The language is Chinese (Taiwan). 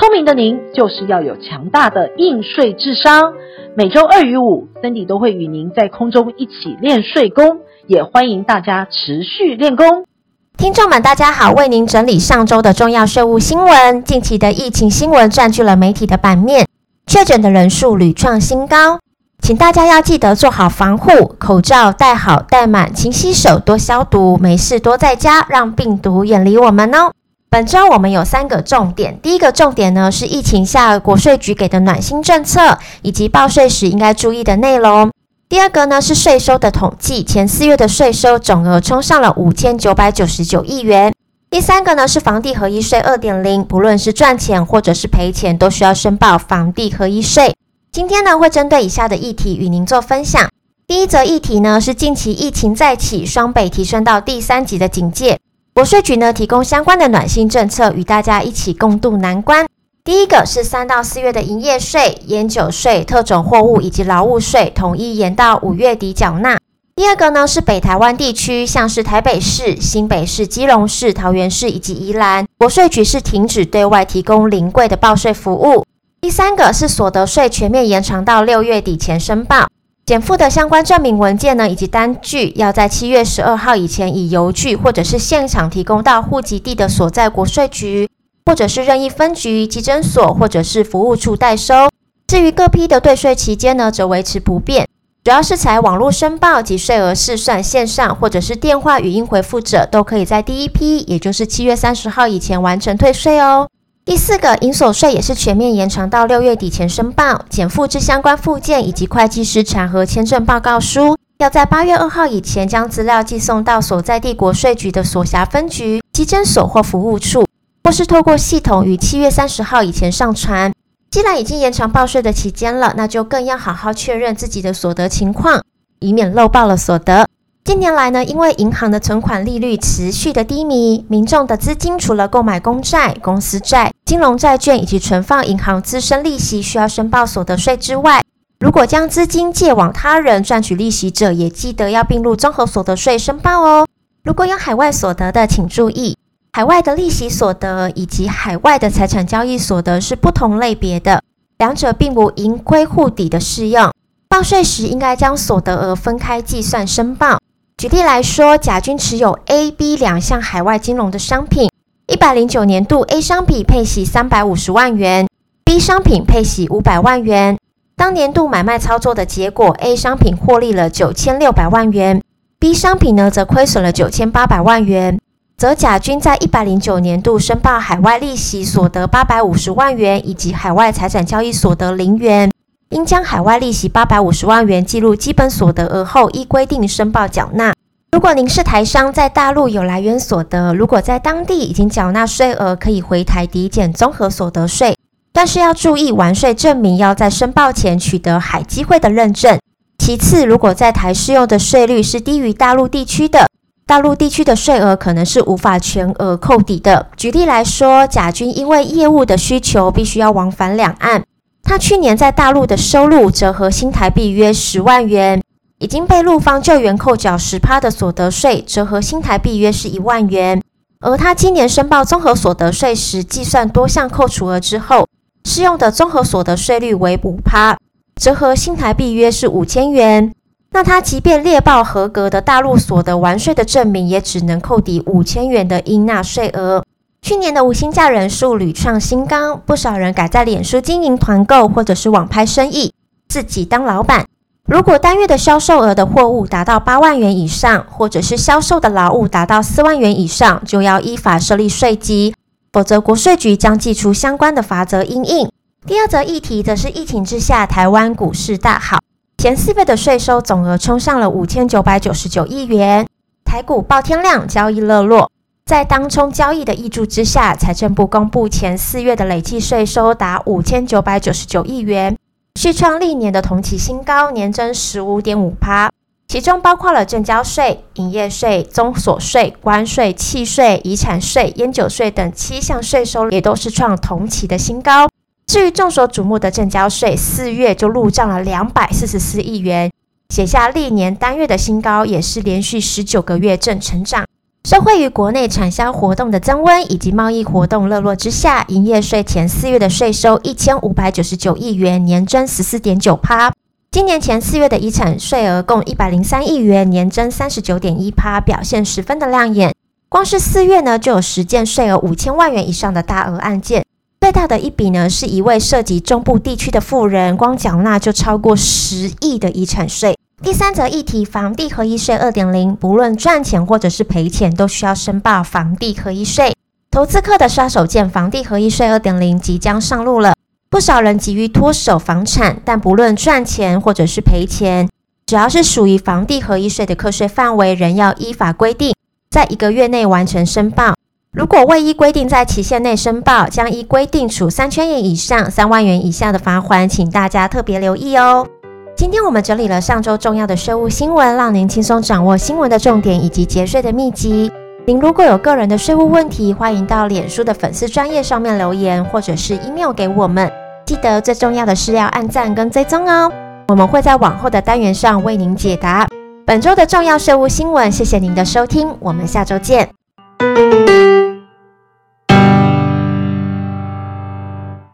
聰明的您就是要有強大的硬稅智商。每周二與五，Cindy 都會與您在空中一起練稅功，也歡迎大家持續練功。聽眾們，大家好，為您整理上周的重要稅務新聞。近期的疫情新聞占據了媒體的版面，確診的人數屢創新高。請大家要記得做好防護，口罩戴好戴滿，勤洗手，多消毒，沒事多在家，讓病毒遠離我們哦。本周我們有三個重點。第一個重點呢是疫情下國稅局給的暖心政策，以及報稅時應該注意的內容。第二個呢是稅收的統計，前四月的稅收總額衝上了五千九百九十九億元。第三個呢是房地合一稅二點零，不論是賺錢或者是賠錢，都需要申報房地合一稅。今天呢會針對以下的議題與您做分享。第一則議題呢是近期疫情再起，雙北提升到第三級的警戒。國稅局呢，提供相關的暖心政策，與大家一起共度難關。第一個是三到四月的營業稅、菸酒稅、特種貨物以及勞務稅，統一延到五月底繳納。第二個呢，是北台灣地區，像是台北市、新北市、基隆市、桃園市以及宜蘭，國稅局是停止對外提供臨櫃的報稅服務。第三個是所得稅，全面延長到六月底前申報。減負的相關證明文件呢，以及單據，要在七月十二號以前以郵寄或者是現場提供到戶籍地的所在國稅局，或者是任意分局、稽徵所，或者是服務處代收。至於各批的退稅期間呢，則維持不變。主要是採網絡申報及稅額試算線上，或者是電話語音回復者，都可以在第一批，也就是七月三十號以前完成退稅哦。第四個，營所稅也是全面延長到六月底前申報，減負之相關附件以及會計師查核簽證報告書，要在八月二號以前將資料寄送到所在地國稅局的所轄分局、稽徵所或服務處，或是透過系統於七月三十號以前上傳。既然已經延長報稅的期間了，那就更要好好確認自己的所得情況，以免漏報了所得。近年來呢，因為銀行的存款利率持續的低迷，民眾的資金除了購買公債、公司債，金融債券以及存放銀行孳生利息需要申報所得稅之外，如果將資金借往他人賺取利息者，也記得要併入綜合所得稅申報哦。如果有海外所得的，請注意，海外的利息所得以及海外的財產交易所得是不同類別的，兩者並無盈虧互抵的適用。報稅時應該將所得額分開計算申報。舉例來說，甲君持有 A、B 兩項海外金融的商品。百零九年度 A 商品配息三百五十萬元，B 商品配息五百萬元。當年度買賣操作的結果，A 商品獲利了九千六百萬元，B 商品呢則虧損了九千八百萬元，則甲君在一百零九年度申報海外利息所得八百五十萬元以及海外財產交易所得零元，應將海外利息八百五十萬元計入基本所得額後，依規定申報繳納。如果您是台商，在大陸有來源所得，如果在當地已經繳納稅額，可以回台抵減綜合所得稅。但是要注意，完稅證明要在申報前取得海基會的認證。其次，如果在台適用的稅率是低於大陸地區的，大陸地區的稅額可能是無法全額扣抵的。舉例來說，甲君因為業務的需求，必須要往返兩岸，他去年在大陸的收入折合新台幣約十萬元。已經被陸方就源扣繳十趴的所得稅，折合新台幣約是一萬元。而他今年申報綜合所得稅時，計算多項扣除額之後，適用的綜合所得稅率為五趴，折合新台幣約是五千元。那他即便列報合格的大陸所得完稅的證明，也只能扣抵五千元的應納稅額。去年的無薪假人數屢創新高，不少人改在臉書經營團購或者是網拍生意，自己當老板。如果單月的銷售額的貨物達到八萬元以上，或者是銷售的勞務達到四萬元以上，就要依法設立稅籍，否則國稅局將祭出相關的罰則因應。第二則議題則是疫情之下台灣股市大好，前四月的稅收總額衝上了五千九百九十九億元，台股爆天量，交易熱絡。在當沖交易的挹注之下，財政部公布前四月的累計稅收達五千九百九十九億元，續創歷年的同期新高，年增十五點五趴，其中包括了證交稅、營業稅、綜所稅、關稅、契稅、遺產稅、菸酒稅等七項稅收，也都是創同期的新高。至於眾所矚目的證交稅，四月就入賬了兩百四十四億元，寫下歷年單月的新高，也是連續十九個月正成長。受惠於國內產銷活動的增溫，以及貿易活動熱絡之下，營業稅前四月的稅收一千五百九十九億元，年增十四點九趴。今年前四月的遺產稅額共一百零三億元，年增三十九點一趴，表現十分的亮眼。光是四月呢，就有十件稅額五千萬元以上的大額案件，最大的一筆呢，是一位涉及中部地區的富人，光繳納就超過十億的遺產稅。第三則議題：房地合一稅二點零，不論賺錢或者是賠錢，都需要申報房地合一稅。投資客的殺手鐧——房地合一稅二點零即將上路了。不少人急於脫手房產，但不論賺錢或者是賠錢，只要是屬於房地合一稅的課稅範圍，仍要依法規定在一個月內完成申報。如果未依規定在期限內申報，將依規定處三千元以上三萬元以下的罰鍰，請大家特別留意哦。今天我們整理了上周重要的稅務新聞，讓您輕鬆掌握新聞的重點以及節稅的秘籍。您如果有個人的稅務問題，歡迎到臉書的粉絲專頁上面留言，或者是 email 給我們。記得最重要的是要按讚跟追蹤哦，我們會在往後的單元上為您解答。本周的重要稅務新聞，謝謝您的收聽，我們下周見。